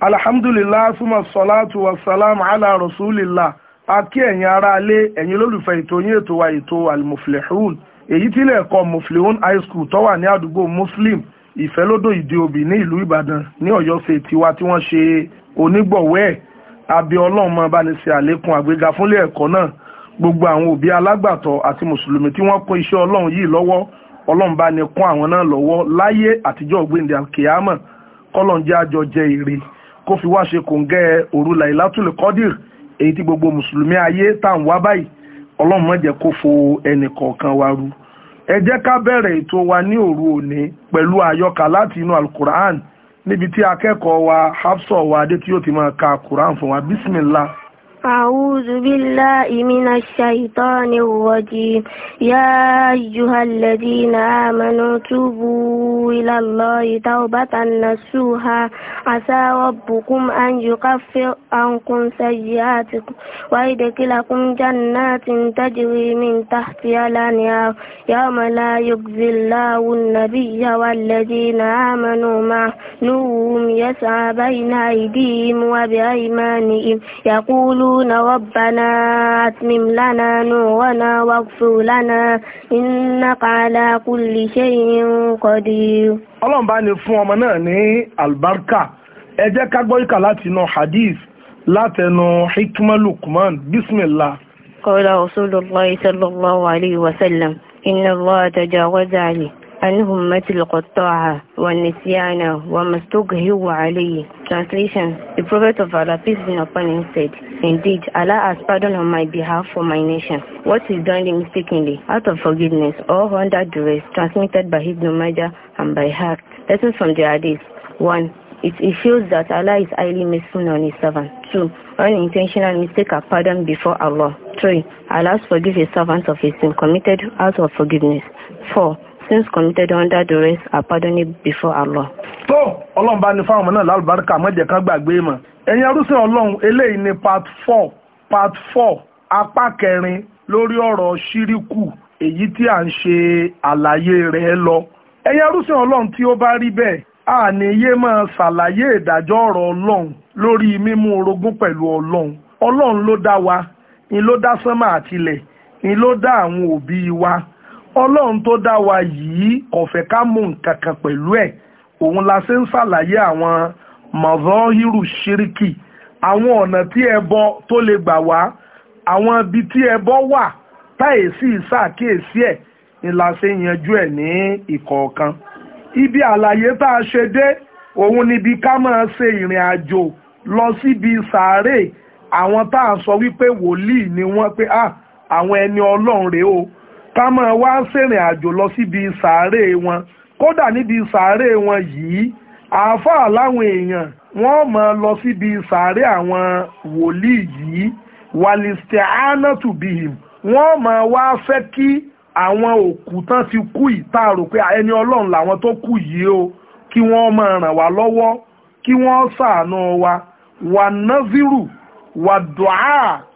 alhamdulillah suma salatu wa salam ala rasulillah a kí ẹ̀yin ará ilé ẹ̀yin olólùfẹ́ ètò yín ètò wa ètò almuflihun èyí tí ilé ẹ̀kọ́ muflihun high school tó wà ní àdúgbò muslim ìfẹ́lódò ìdí òbí ní ìlú ìbàdàn ní ọ̀yọ́ ṣe tiwa tí wọ́n ṣe onígbọ̀wọ́ ẹ̀ abẹ́ ọlọ́run máa bá ní ṣe àlékún àgbéga fúnlé ẹ̀kọ́ náà gbogbo àwọn òbí alágbàtọ́ àti mùsùlùmí tí wọ́n kún iṣẹ́ ọlọ́run yìí lọ́wọ́ ọlọ́run bá ní kún àwọn náà lọ́wọ́ láyé àtijọ́ ògbéǹde àkèámọ̀ kọ́lọ́n àjọ jẹ èrè kó fi wá ṣe kòǹgẹ́ òru làìlátùlẹ̀ kọ́dìr èyí tí gbogbo mùsùlùmí ayé tá à ń wá báyìí ọlọ́run má jẹ́ kó fo ẹnì kọ̀ọ̀kan wa ru ẹ jẹ́ ká bẹ̀rẹ̀ ètò wa ní òru òní pẹ̀lú àyọkà láti inú alukur'an níbi tí akẹ́kọ̀ọ́ wa hafsọ wa adé tí yóò ti máa ka alukur'an fún wa bismillah. أعوذ بالله من الشيطان الرجيم يا أيها الذين آمنوا توبوا إلى الله توبة نسوها عسى ربكم أن يكفر عنكم سيئاتكم ويدخلكم جنات تجري من تحتها الأنهار يوم لا يخزي الله النبي والذين آمنوا معه نورهم يسعى بين أيديهم وبأيمانهم يقولون يقولون ربنا أتمم لنا نورنا واغفر لنا إنك على كل شيء قدير ọlọ́run bá ní fún ọmọ náà ní albarka ẹ jẹ́ ká gbọ́ ìkà láti inú hadith látẹnu hikma lukman bismillah. قال رسول الله صلى الله عليه وسلم إن الله تجاوز عني Al-Hummat al-Qatta'a wa Nisyana wa Translation The Prophet of Allah, peace be upon him, said, Indeed, Allah has pardoned on my behalf for my nation. What is done mistakenly, out of forgiveness or under duress, transmitted by Ibn Majah and by Haq. Lessons from the Hadith. 1. It, it shows that Allah is highly merciful on his servant. 2. Unintentional mistake are pardoned before Allah. 3. Allah forgives his servant of his sin committed out of forgiveness. 4 sins committed under duress are pardoned before Allah. tó ọlọ́run bá ní fáwọn ọmọ náà lálùbáríkà mọ́jẹ̀ kan gbàgbé mọ̀ ẹ̀yin arúsẹ̀ ọlọ́run eléyìí ni part four part four apá kẹrin lórí ọ̀rọ̀ ṣíríkù èyí tí à ń ṣe àlàyé rẹ̀ lọ. ẹ̀yin arúsẹ̀ ọlọ́run tí ó bá rí bẹ́ẹ̀ a ní yé máa ṣàlàyé ìdájọ́ ọ̀rọ̀ ọlọ́run lórí mímú orogún pẹ̀lú ọlọ́run ọlọ́run ló dá wa ni ló dá sánmà àtilẹ̀ ni ló dá àwọn òbí wa ọlọ́run tó dá wa yìí kò fẹ́ ká mú nǹkan kan pẹ̀lú ẹ̀ òun la ṣe ń ṣàlàyé àwọn mọ̀zọ́hírù ṣíríkì àwọn ọ̀nà tí ẹbọ tó lè gbà wá àwọn ibi tí ẹbọ wà táyèsí ìṣàkíyèsí ẹ̀ ni la ṣe yanjú ẹ̀ ní ìkọ̀ọ̀kan ibi àlàyé tá a ṣe dé òun níbi ká máa ṣe ìrìn àjò lọ síbi sàárè àwọn tá à sọ wípé wòlíì ni wọ́n pé ah, àwọn ẹni ọlọ́run rèé o ká máa wá sẹ́rìn àjò lọ síbi sàárè wọn kódà níbi sàárè wọn yìí àáfàá láwọn èèyàn wọ́n máa lọ síbi sàárè àwọn wòlíì yìí wàlìsítẹ̀ ánátù bìhìm wọ́n máa wá fẹ́ kí àwọn òkú tán ti kú ìtaàrò pé ẹni ọlọ́run làwọn tó kù yìí o kí wọ́n máa ràn wá lọ́wọ́ kí wọ́n ṣàánú wa wà náfírù wà dùá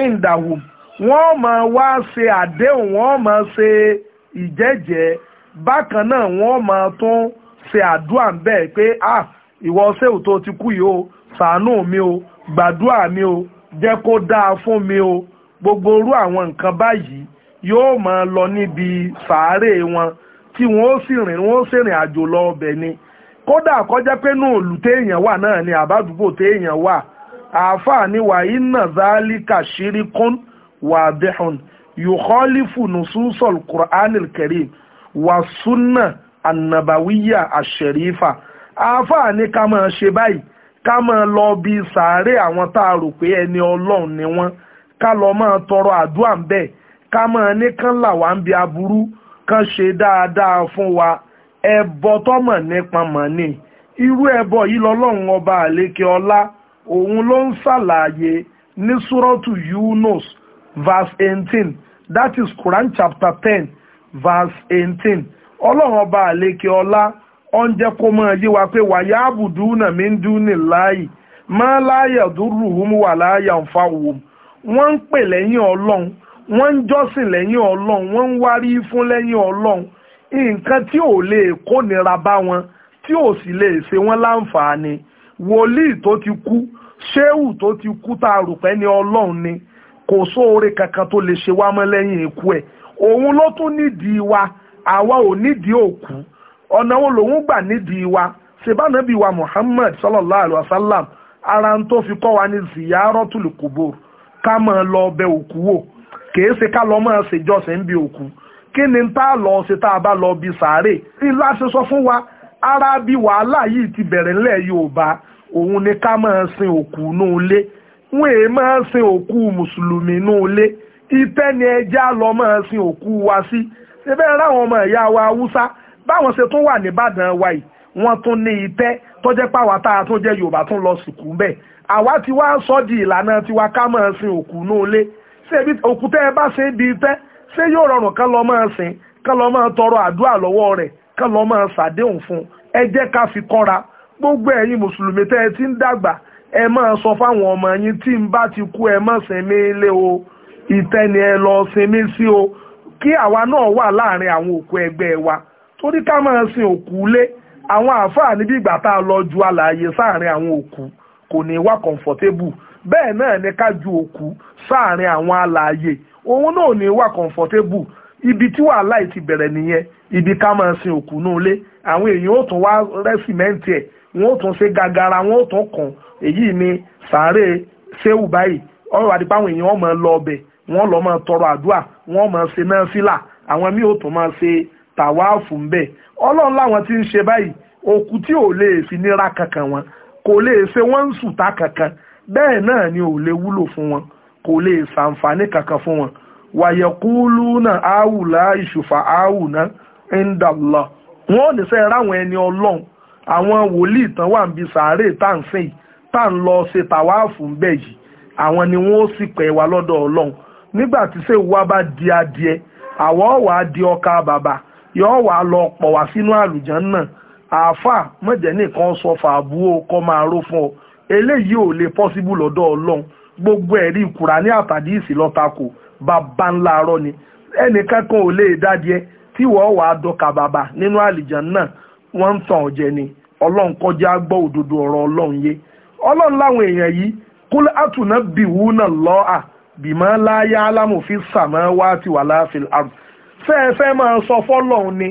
ẹ̀ǹdàwùm wọ́n máa wá ṣe àdéhùn wọ́n máa ṣe ìjẹ́jẹ́ bákan náà wọ́n máa tún ṣe àdúrà ń pé ah ìwọ ṣéwù tó ti kú yìí o ṣàánú mi o gbàdúrà mi o jẹ́ kó dáa fún mi o gbogbo irú àwọn nǹkan báyìí yóò máa lọ níbi sàárè wọn tí wọn sì rìn wọn ó ṣèrìn àjò lọ ọbẹ̀ ni kódà kọjá pé nù òlù téèyàn wà náà ni àbádùgbò téèyàn wà àáfàá ni wàyí nà zálí kàṣírí kún wadihun yukhalifu نصوص القرآن الكريم والسنة النبوية الشريفة. asherifa àáfàá ní ká máa ṣe báyìí ká máa lọ bí sàárè àwọn tá a rò pé ẹni ọlọ́run ni wọ́n ká lọ máa tọrọ àdúrà ń bẹ̀ ká máa ní kán là wá ń bi aburú kán ṣe dáadáa fún wa ẹbọ tọmọ nípa mọ irú ẹbọ yìí lọ́lọ́run ọba àlékè ọlá òun ló ń ṣàlàyé ní súrọ́tù Yunus verse 18. that is Quran chapter 10, verse 18. ọlọ́run ọba àlekè ọlá ọ̀njẹ́ kó máa yé wa pé wàyà àbùdù náà mi ń dún ní láàyè máa láàyè dúró hùm wà láàyè nfa wò wọ́n ń pè lẹ́yìn ọlọ́run wọ́n ń jọ́sìn lẹ́yìn ọlọ́run wọ́n ń wárí fún lẹ́yìn ọlọ́run nǹkan tí ò lè kónira bá wọn tí ò sì lè ṣe wọ́n láǹfààní wòlíì tó ti kú ṣéwù tó ti kú tá a rò pé ní ọlọ́run ni. Olong, ni kò sóore kankan tó lè ṣe wá mọ́ lẹ́yìn ikú ẹ̀ òun ló tún nídìí wa àwa ò nídìí òkú ọ̀nà wo lòun gbà nídìí wa sebanabi wa Muhammad sallallahu alayhi wa sallam ara ń tó fi kọ́ wa ní ziyaratul kubur ká máa lọ bẹ òkú wò kìí ṣe ká lọ máa ṣèjọsìn bí òkú kí ni tá a lọ ṣe tá a bá lọ bí sàárè ńlá ṣe sọ fún wa ara bí wàhálà yìí ti bẹ̀rẹ̀ ńlẹ̀ Yorùbá òun ni ká máa sin òkú nù ilé wọn èé máa sin òkú mùsùlùmí inú ilé ìtẹ́ ni ẹja lọ máa sin òkú wa sí ṣẹbẹ́ ráwọn ọmọ ìyá wa haúsá báwọn ṣe tún wà nìbàdàn wa yìí wọ́n tún ní ìtẹ́ tó jẹ́ tá a tún jẹ́ yorùbá tún lọ sìnkú bẹ́ẹ̀ àwa ti wá sọ di ìlànà tiwa ká máa sin òkú inú ilé ṣebí òkú tẹ́ ẹ bá ṣe di ìtẹ́ ṣé yóò rọrùn kán lọ máa sìn kán lọ máa tọrọ àdúrà lọ́wọ́ rẹ̀ kán lọ máa ṣàdéhùn fún ẹ ká fi kọ́ra gbogbo ẹ̀yin mùsùlùmí tẹ́ ẹ ti ń dàgbà ẹ máa sọ fáwọn ọmọ yín tí n bá ti kú ẹ má sinmi ilé o ìtẹ́ni ẹ lọ sinmi sí o kí àwa náà wà láàrin àwọn òkú ẹgbẹ́ wa torí ká máa sin òkú lé àwọn àáfàá níbi ìgbà tá a lọ ju alààyè sáàrin àwọn òkú kò ní wá kọ̀ǹfọ̀tébù bẹ́ẹ̀ náà ni ká ju òkú sáàrin àwọn alààyè òun náà ní wà kọ̀ǹfọ̀tébù ibi tí wàhálà ti bẹ̀rẹ̀ nìyẹn ibi ká máa sin òkú náà lé àwọn èèyàn ó tún wá rẹ́sìmẹ́ǹtì ẹ̀ wọn ò tún ṣe gàgàrà wọn ò tún kàn èyí ni sàárè ṣéwù báyìí ọ̀rọ̀ àdìpá àwọn èèyàn ọmọ lọ ọbẹ̀ wọn lọ máa tọrọ àdúrà wọn máa ṣe náà fílà àwọn míì ò tún máa ṣe tàwáàfù ń bẹ̀ ọlọ́run láwọn tí ń ṣe báyìí òkú tí ò lè fi nira kankan wọn kò lè ṣe wọ́n ń sùta kankan bẹ́ẹ̀ náà ni ò lè wúlò fún wọn kò lè ṣàǹfààní kankan fún wọn wàyẹ̀kúlù náà áwùlá ìṣùfà áwù náà ń dàlọ́ wọn ò ní sẹ́ ráwọn ẹni ọlọ́run àwọn wòlíì tán wà níbi sàárè tá à ń sìn tá à ń lọ ṣe tàwáàfù ń bẹ̀ yìí àwọn ni wọ́n ó sì pẹ̀ wá lọ́dọ̀ ọlọ́run nígbà tí sèwú wa bá di adìẹ àwọ̀ wà á di ọkà bàbà yóò wà á lọ pọ̀ wá sínú àlùján náà àáfà mọ̀jẹ̀ nìkan sọ fàbú o kọ́ máa ró fún ọ eléyìí ò lè pọ́síbù lọ́dọ̀ ọlọ́run gbogbo ẹ̀rí Kùránì àtàdí ìsìlọ́takò bàbá ńlá arọ́ ni ẹnìkankan ò lè dádìẹ tí wọ́n wà dọkà bàbà nínú àlìjàn náà wọ́n ń tàn ọ̀jẹ̀ ni ọlọ́run kọjá gbọ́ òdodo ọ̀rọ̀ ọlọ́run yé ọlọ́run láwọn èèyàn yìí kúlẹ àtúná bìwú náà lọ à bìmọ láyé alámòfin sàmọ wá ti wà láàfin àrùn fẹẹfẹ máa sọ fọ́lọ́run ni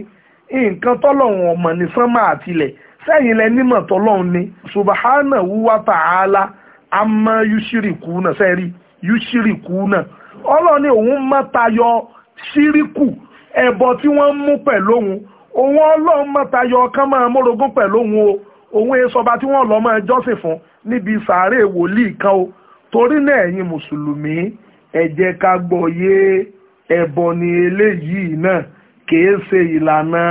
nǹkan tọ́lọ́run ọmọ ní sánmà àtilẹ̀ sẹ́yìn lẹ nímọ̀ tọ́lọ́run ni subahana wúwa tààlà àmọ́ yusiriku náà sẹ́rí yusiriku náà ọlọ́run ni òun mọ́ tayọ síríkù ẹbọ tí wọ́n mú pẹ̀lú òun òun ọlọ́run matayo ọkàn máa mórogún pẹ̀lú òun o òun èso e tí wọ́n lọ máa jọ́sìn fún níbi sàárè wòlíì kan o torí náà ẹ̀yin mùsùlùmí ẹ ká gbọ́yé ẹbọ ni eléyìí náà kìí ṣe ìlànà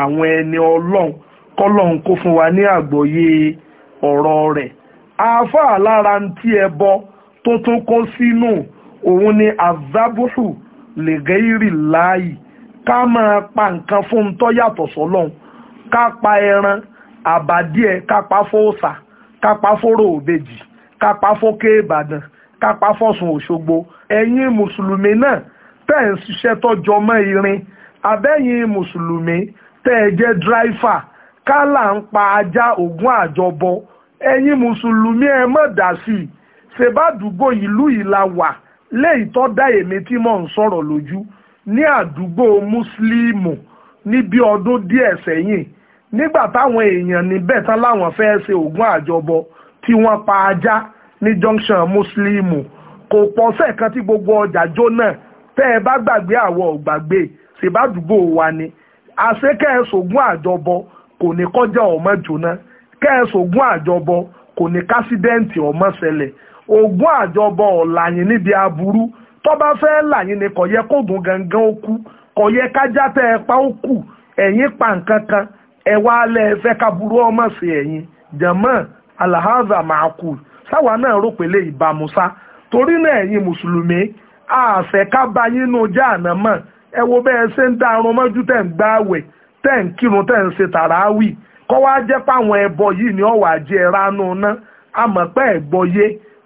àwọn ẹni ọlọ́run wa ní ọ̀rọ̀ rẹ̀ àáfàá lára ń tí ká máa pa nǹkan fún un tó yàtọ̀ sọ́lọ́hun ká pa ẹran àbádíẹ̀ ká pa fóòsà ká pa fóró òbejì ká pa fókè ìbàdàn ká pa fọ́sùn òṣogbo ẹ̀yin mùsùlùmí náà tẹ́ ẹ̀ ń ṣiṣẹ́ tọ́jọ mọ́ irin abẹ́yìn mùsùlùmí tẹ́ ẹ jẹ́ dráìfà kálà ń pa ajá ògún àjọbọ ẹ̀yin mùsùlùmí ẹ mọ̀ dá sí i ṣèbádùúgbò ìlú ìlà léyìí tó dá èmi tí mò ń sọ̀rọ̀ lójú ní àdúgbò mùsùlùmù ní bí ọdún díẹ̀ sẹ́yìn nígbà táwọn èèyàn níbẹ̀ tán láwọn fẹ́ ṣe ògùn àjọbọ tí wọ́n pa ajá ní junction mùsùlùmù kò pọ́sẹ̀ kan tí gbogbo ọjà jóná tẹ́ ẹ bá gbàgbé àwọn ògbàgbé ṣèbádùgbò wa ni àṣekẹ́ẹ̀ṣògùn àjọbọ kò ní kọjá ọmọ jóná kẹ́ẹ̀ṣògùn àjọbọ kò ní kásídẹ́ǹtì ọmọ ṣẹlẹ̀ ògùn àjọbọ ọ̀làyìn níbi aburú tọba bá fẹ́ là ni kò yẹ gangan ó kú kájá tẹ́ ẹ pa ó kù ẹ̀yìn pa nǹkan kan ẹ wá lẹ́ fẹ́ ká burú ọmọ sí ẹ̀yìn jẹ̀mọ́ alahaza sáwa náà rò pé lè sá torí náà ẹ̀yin mùsùlùmí àfẹ́ ká ba yín nu àná mọ̀ ẹ wo bẹ́ẹ̀ ṣe ń mọ́jú tẹ̀ ń tẹ̀ ń kírun ṣe kọ́ wá jẹ́ ẹbọ yìí ni ọ̀wà jẹ́ ránú ná àmọ́ pẹ́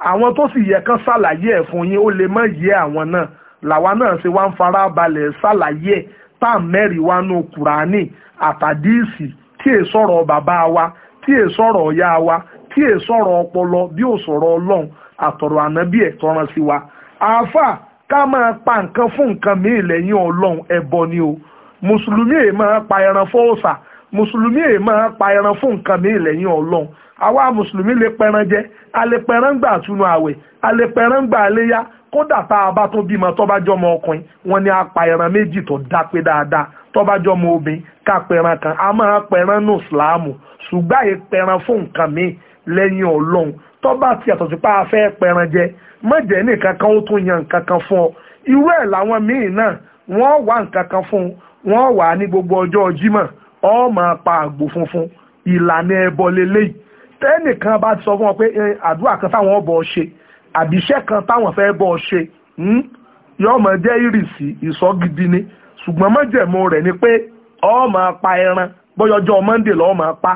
àwọn tó sì yẹ kán ṣàlàyé ẹ̀ fún yín ó lè má yé àwọn náà làwa náà ṣe wá ń fara balẹ̀ ṣàlàyé ẹ̀ tá à mẹ́rin wá nù kùránì àtàdíìsì tí è sọ̀rọ̀ bàbá wa tí è sọ̀rọ̀ ọ̀yá wa tí è sọ̀rọ̀ ọpọlọ bí ò sọ̀rọ̀ ọlọ́run àtọ̀rọ̀ ànábì ẹ̀ tọ́ran sí wa àáfà ká máa pa nǹkan fún nǹkan míì lẹ́yìn ọlọ́run ẹbọ ni o mùsùlùmí èè máa pa ẹran fóòsà mùsùlùmí èè máa pa ẹran fún nǹkan mi lẹ́yìn ọlọ́run àwa mùsùlùmí lè pẹran jẹ a lè pẹran gbà túnú àwẹ̀ a lè pẹran gbà léyà kódà tá a bá tó bímọ tó jọmọ ọkùnrin wọn ni a pa ẹran méjì tó dá dáadáa tó jọmọ obìnrin ká pẹran kan a máa pẹran nù sùlámù ṣùgbọ́n àyè pẹran fún nǹkan mi lẹ́yìn ọlọ́run tó bá ti yàtọ̀ sí pé a fẹ́ pẹran jẹ mọ̀jẹ̀ nìkan kan ó tún yan nǹkan kan fún ọ irú ẹ̀ làwọn míì náà wọ́n wá nǹkan kan fún wọ́n wà ní gbogbo ọjọ́ Jímọ̀ ọ máa pa àgbò funfun ìlànà ẹbọ lélẹ́yìí tẹ́nìkan bá ti sọ fún wọn pé àdúrà kan táwọn ọbọ̀ ṣe àbí iṣẹ́ kan táwọn fẹ́ bọ̀ ṣe hmm? yóò máa jẹ́ ìrìsì ìsọgidi ni ṣùgbọ́n mọ́jẹ̀mú rẹ̀ ni pé ọ máa pa ẹran bọ́yọjọ́ monday lọ́ọ́ máa pa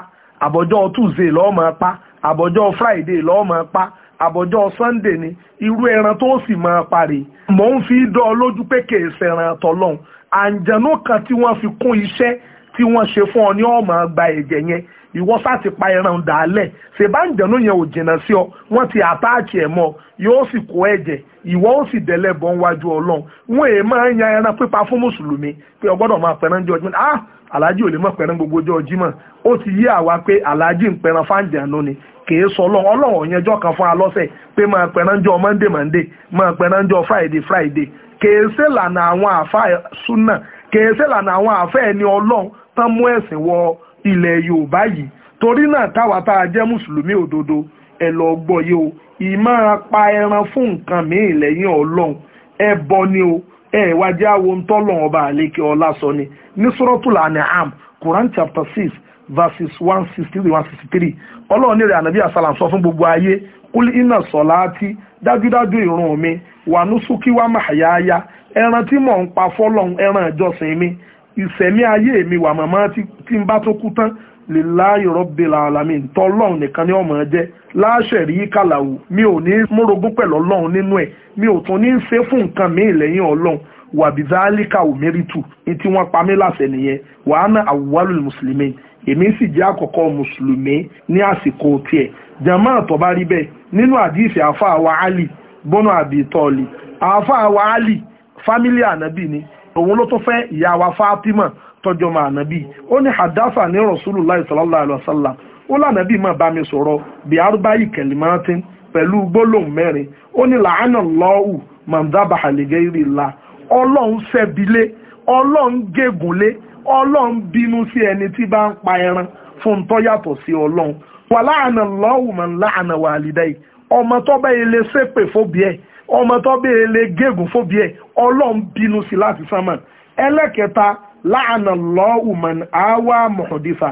àbọ̀jọ́ tuesday lọ́ọ́ máa pa àbọ̀jọ́ friday lọ́ọ́ máa pa àbọ̀jọ́ sunday ni irú ẹran tó sì máa parí mò ń fi dán ọ lójú pé kèé ṣẹran tọlọ́hun àǹjẹ̀nú kan tí wọ́n fi kún iṣẹ́ tí wọ́n ṣe fún ọ ní ọmọ gba ẹ̀jẹ̀ yẹn ìwọ sá ti pa ẹran dàálẹ̀ ṣèbáǹdẹ̀nú yẹn ò jìnnà sí ọ wọ́n ti àtáàkì ẹ̀ mọ́ yóò sì kó ẹ̀jẹ̀ ìwọ ó sì dẹ̀lẹ̀ bọ́ níwájú ọlọ́run wọn èè máa ń yan ẹran pípa fún mùsùlùmí pé ọ gbọ́dọ̀ máa pẹran jọ ọjọ́ ah aláàjì ò lè mọ̀ pẹran gbogbo ọjọ́ jímọ̀ ó ti yí àwa pé aláàjì ń pẹran fáǹdẹ̀nú ni kìí sọ ọlọ́run ọlọ́run ọ̀yẹn jọ́ kan fún alọ́sẹ̀ pé máa pẹran jọ monday monday máa pẹran jọ friday friday kèéṣe lànà àwọn àfa súnà kèéṣe lànà àwọn àfa ẹni ọlọ́run na mú ẹ̀sìn wọ ilẹ̀ yorùbá yìí torí náà táwa tá a jẹ́ mùsùlùmí òdodo ẹ lọ gbọ́ yé o ìmáa pa ẹran fún nǹkan míì lẹ́yìn ọlọ́run ni o ẹ wájú àwọn tọ́lọ́run ọba àlékè ọlá sọ ni ní suratul am quran chapter six verses one sixty fún gbogbo ayé kúlí iná sọ̀lá tí dájúdájú ìrun mi wà núsùkí wá ẹran tí mò ń ẹran ìjọsìn ìsẹ̀mí ayé mi wà màmá tí ń bá tó kú tán lè láàyè rọ́bìlà àlàmì tọ́lọ́run nìkan ní ọmọ jẹ́ láṣẹ rí kàlàwù mi ò ní múrogún pẹ̀lú ọlọ́run nínú ẹ̀ mi ò tún ní í ṣe fún nǹkan mi lẹ́yìn ọlọ́run wàbíjáálíkà òmírìtù ní tí wọ́n pa mí láṣẹ nìyẹn wàá ná àwùwálù mùsùlùmí èmi sì jẹ́ àkọ́kọ́ mùsùlùmí ní àsìkò tiẹ̀ jàmáà àtọ́bá rí bẹ́ẹ̀ nínú àdìsí àfáà wa ali bọ́nà àbí tọ́ọ̀lì àfáà wa ali fámílì ànábì ni òun ló tó fẹ́ ìyá wa Fatima tọ́jọ́ máa nàbí ó ní hadafa ní Rasulullahi sallallahu alaihi wasallam ó lànàbí máa bá mi sọ̀rọ̀ bí arúbáyì kẹlìmọ́tín pẹ̀lú gbólóhùn mẹ́rin ó ní làánà lọ́ọ̀hù mọ̀ndábà fún tó yàtọ̀ sí ọlọ́run wà láàánà lọ́ọ̀hù mọ̀ láàánà wàlídàì ọmọ tó bá ilé ṣépè fóbi ẹ̀ ọmọ tó bẹ́ẹ̀ lè gégùn fóbi ẹ̀ ọlọ́run bínú sí láti sánmà ẹlẹ́kẹta láàánà lọ́ọ̀hùn àwa mọ̀ọ́dífà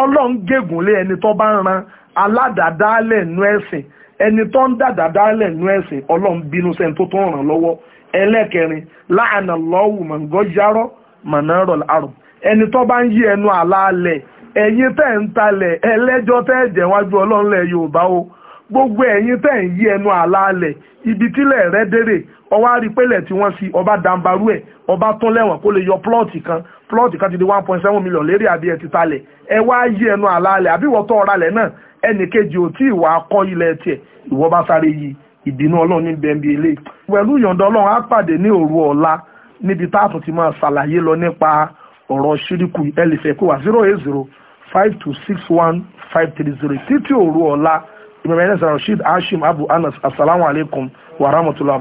ọlọ́run gégùn lé ẹni tó bá ń ran aládàdálẹ̀ nú ẹ̀sìn ẹni tó ń dàdàdálẹ̀ nú ẹ̀sìn ọlọ́run bínú sẹ́ni tó tó ń ràn lọ́wọ́ ẹlẹ́kẹrin láàánà gọ́járọ́ gbogbo ẹ̀yin tẹ̀ ń yí ẹnu àlàálẹ̀ ibi tílẹ̀ rẹ dérè ọwọ́ àrípẹ́lẹ̀ tí wọ́n fi ọba dambaru ẹ̀ ọba tún lẹ́wọ̀n kó lè yọ plọ́ọ̀tì kan plọ́ọ̀tì kan ti di one point seven million lérí àbí ẹ̀ ti talẹ̀ ẹ wá yí ẹnu àlàálẹ̀ àbí ìwọ́ tọ́ ọ̀rá lẹ̀ náà ẹnì kejì ò tí ìwà akọ ilẹ̀ tiẹ̀ ìwọ́ bá sáré yí ìdínú ọlọ́run ní bẹ́ẹ̀ bí eléyìí pẹ̀lú ìyọ̀ǹda zero zero five two six one five three zero títí òru ọ̀la Imam Enes Rashid Hashim Abu Anas assalamu alaikum wa rahmatullahi